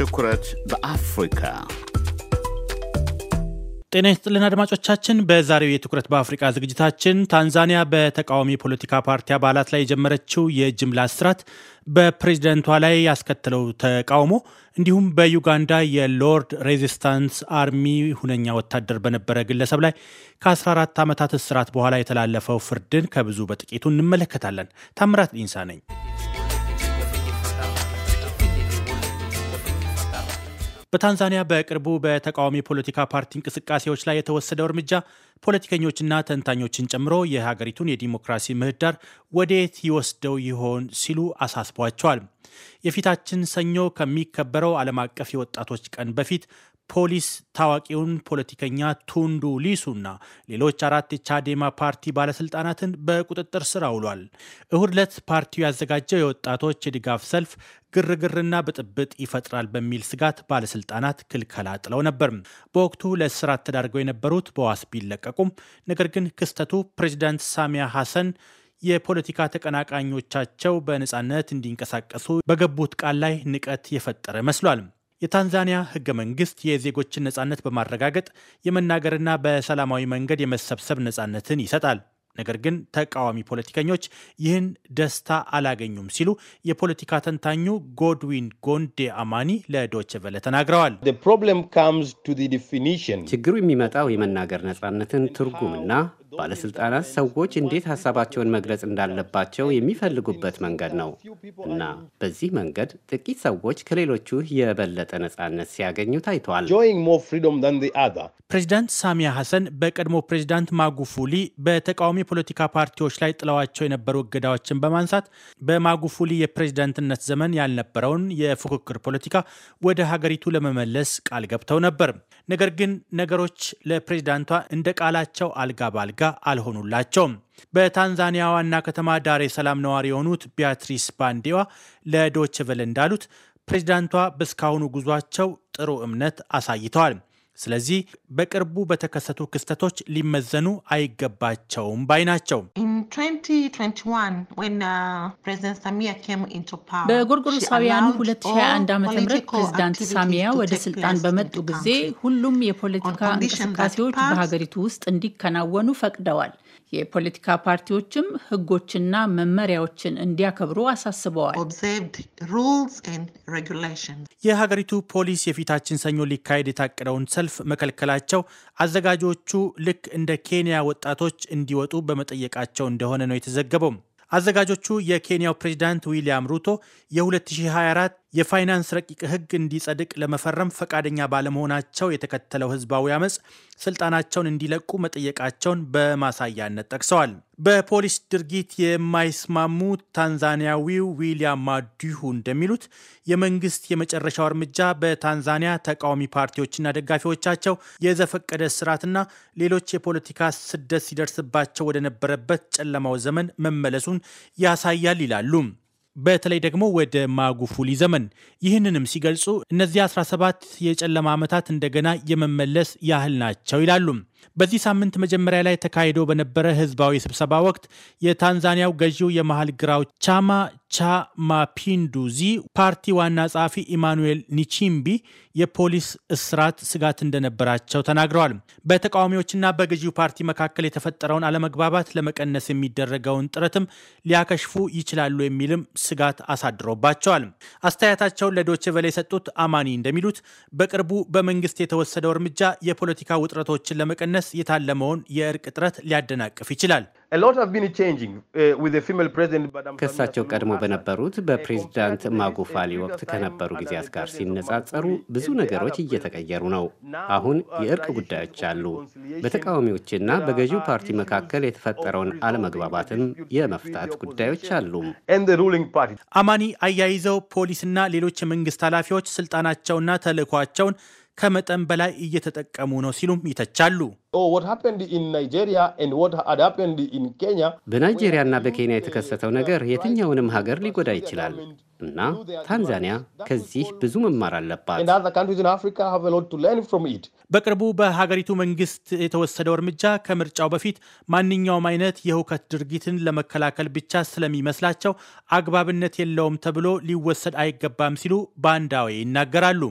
ትኩረት በአፍሪካ ጤና ይስጥልን አድማጮቻችን። በዛሬው የትኩረት በአፍሪቃ ዝግጅታችን ታንዛኒያ በተቃዋሚ ፖለቲካ ፓርቲ አባላት ላይ የጀመረችው የጅምላ እስራት በፕሬዝደንቷ ላይ ያስከተለው ተቃውሞ እንዲሁም በዩጋንዳ የሎርድ ሬዚስታንስ አርሚ ሁነኛ ወታደር በነበረ ግለሰብ ላይ ከ14 ዓመታት እስራት በኋላ የተላለፈው ፍርድን ከብዙ በጥቂቱ እንመለከታለን። ታምራት ኢንሳ ነኝ። በታንዛኒያ በቅርቡ በተቃዋሚ ፖለቲካ ፓርቲ እንቅስቃሴዎች ላይ የተወሰደው እርምጃ ፖለቲከኞችና ተንታኞችን ጨምሮ የሀገሪቱን የዲሞክራሲ ምህዳር ወዴት ይወስደው ይሆን ሲሉ አሳስቧቸዋል። የፊታችን ሰኞ ከሚከበረው ዓለም አቀፍ የወጣቶች ቀን በፊት ፖሊስ ታዋቂውን ፖለቲከኛ ቱንዱ ሊሱና ሌሎች አራት የቻዴማ ፓርቲ ባለስልጣናትን በቁጥጥር ስር አውሏል። እሁድ ዕለት ፓርቲው ያዘጋጀው የወጣቶች የድጋፍ ሰልፍ ግርግርና ብጥብጥ ይፈጥራል በሚል ስጋት ባለስልጣናት ክልከላ ጥለው ነበር። በወቅቱ ለእስራት ተዳርገው የነበሩት በዋስ ቢለቀቁም ነገር ግን ክስተቱ ፕሬዚዳንት ሳሚያ ሐሰን የፖለቲካ ተቀናቃኞቻቸው በነፃነት እንዲንቀሳቀሱ በገቡት ቃል ላይ ንቀት የፈጠረ መስሏል። የታንዛኒያ ህገ መንግስት የዜጎችን ነጻነት በማረጋገጥ የመናገርና በሰላማዊ መንገድ የመሰብሰብ ነጻነትን ይሰጣል። ነገር ግን ተቃዋሚ ፖለቲከኞች ይህን ደስታ አላገኙም ሲሉ የፖለቲካ ተንታኙ ጎድዊን ጎንዴ አማኒ ለዶይቼ ቬለ ተናግረዋል። ችግሩ የሚመጣው የመናገር ነጻነትን ትርጉምና ባለስልጣናት ሰዎች እንዴት ሀሳባቸውን መግለጽ እንዳለባቸው የሚፈልጉበት መንገድ ነው እና በዚህ መንገድ ጥቂት ሰዎች ከሌሎቹ የበለጠ ነጻነት ሲያገኙ ታይተዋል። ፕሬዚዳንት ሳሚያ ሐሰን በቀድሞ ፕሬዚዳንት ማጉፉሊ በተቃዋሚ የፖለቲካ ፓርቲዎች ላይ ጥለዋቸው የነበሩ እገዳዎችን በማንሳት በማጉፉሊ የፕሬዚዳንትነት ዘመን ያልነበረውን የፉክክር ፖለቲካ ወደ ሀገሪቱ ለመመለስ ቃል ገብተው ነበር። ነገር ግን ነገሮች ለፕሬዚዳንቷ እንደ ቃላቸው አልጋ ባልጋ አልሆኑላቸውም። በታንዛኒያ ዋና ከተማ ዳሬ ሰላም ነዋሪ የሆኑት ቢያትሪስ ባንዴዋ ለዶችቨል እንዳሉት ፕሬዚዳንቷ በእስካሁኑ ጉዟቸው ጥሩ እምነት አሳይተዋል። ስለዚህ በቅርቡ በተከሰቱ ክስተቶች ሊመዘኑ አይገባቸውም ባይ ናቸው። በጎርጎሮሳውያኑ 2021 ዓ ም ፕሬዚዳንት ሳሚያ ወደ ስልጣን በመጡ ጊዜ ሁሉም የፖለቲካ እንቅስቃሴዎች በሀገሪቱ ውስጥ እንዲከናወኑ ፈቅደዋል። የፖለቲካ ፓርቲዎችም ህጎችና መመሪያዎችን እንዲያከብሩ አሳስበዋል። የሀገሪቱ ፖሊስ የፊታችን ሰኞ ሊካሄድ የታቀደውን ሰልፍ መከልከላቸው አዘጋጆቹ ልክ እንደ ኬንያ ወጣቶች እንዲወጡ በመጠየቃቸው እንደሆነ ነው የተዘገበው። አዘጋጆቹ የኬንያው ፕሬዚዳንት ዊሊያም ሩቶ የ2024 የፋይናንስ ረቂቅ ሕግ እንዲጸድቅ ለመፈረም ፈቃደኛ ባለመሆናቸው የተከተለው ህዝባዊ አመፅ ስልጣናቸውን እንዲለቁ መጠየቃቸውን በማሳያነት ጠቅሰዋል። በፖሊስ ድርጊት የማይስማሙ ታንዛኒያዊው ዊሊያም ማዲሁ እንደሚሉት የመንግስት የመጨረሻው እርምጃ በታንዛኒያ ተቃዋሚ ፓርቲዎችና ደጋፊዎቻቸው የዘፈቀደ ስርዓትና ሌሎች የፖለቲካ ስደት ሲደርስባቸው ወደነበረበት ጨለማው ዘመን መመለሱን ያሳያል ይላሉ። በተለይ ደግሞ ወደ ማጉፉሊ ዘመን። ይህንንም ሲገልጹ እነዚህ 17 የጨለማ ዓመታት እንደገና የመመለስ ያህል ናቸው ይላሉ። በዚህ ሳምንት መጀመሪያ ላይ ተካሂዶ በነበረ ህዝባዊ ስብሰባ ወቅት የታንዛኒያው ገዢው የመሃል ግራው ቻማ ቻ ማፒንዱዚ ፓርቲ ዋና ጸሐፊ ኢማኑኤል ኒቺምቢ የፖሊስ እስራት ስጋት እንደነበራቸው ተናግረዋል። በተቃዋሚዎችና በገዢው ፓርቲ መካከል የተፈጠረውን አለመግባባት ለመቀነስ የሚደረገውን ጥረትም ሊያከሽፉ ይችላሉ የሚልም ስጋት አሳድሮባቸዋል። አስተያየታቸውን ለዶቼ ቬለ የሰጡት አማኒ እንደሚሉት በቅርቡ በመንግስት የተወሰደው እርምጃ የፖለቲካ ውጥረቶችን ለመቀነስ ለመቀነስ የታለመውን የእርቅ ጥረት ሊያደናቅፍ ይችላል። uh, ከእሳቸው ቀድሞ በነበሩት በፕሬዚዳንት ማጉፋሊ ወቅት ከነበሩ ጊዜያት ጋር ሲነጻጸሩ ብዙ ነገሮች እየተቀየሩ ነው። አሁን የእርቅ ጉዳዮች አሉ። በተቃዋሚዎችና በገዢው ፓርቲ መካከል የተፈጠረውን አለመግባባትም የመፍታት ጉዳዮች አሉ። አማኒ አያይዘው ፖሊስና ሌሎች የመንግስት ኃላፊዎች ስልጣናቸውና ተልዕኳቸውን ከመጠን በላይ እየተጠቀሙ ነው ሲሉም ይተቻሉ። Oh, በናይጄሪያና በኬንያ የተከሰተው ነገር የትኛውንም ሀገር ሊጎዳ ይችላል እና ታንዛኒያ ከዚህ ብዙ መማር አለባት። በቅርቡ በሀገሪቱ መንግስት የተወሰደው እርምጃ ከምርጫው በፊት ማንኛውም አይነት የሁከት ድርጊትን ለመከላከል ብቻ ስለሚመስላቸው አግባብነት የለውም ተብሎ ሊወሰድ አይገባም ሲሉ ባንዳዌ ይናገራሉ።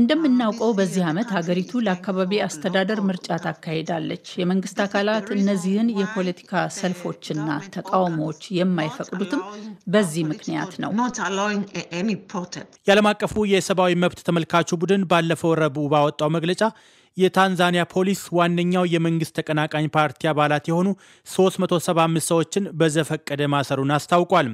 እንደምናውቀው በዚህ ዓመት ሀገሪቱ ለአካባቢ የአካባቢ አስተዳደር ምርጫ ታካሂዳለች። የመንግስት አካላት እነዚህን የፖለቲካ ሰልፎችና ተቃውሞዎች የማይፈቅዱትም በዚህ ምክንያት ነው። የዓለም አቀፉ የሰብአዊ መብት ተመልካቹ ቡድን ባለፈው ረቡዕ ባወጣው መግለጫ የታንዛኒያ ፖሊስ ዋነኛው የመንግስት ተቀናቃኝ ፓርቲ አባላት የሆኑ 375 ሰዎችን በዘፈቀደ ማሰሩን አስታውቋል።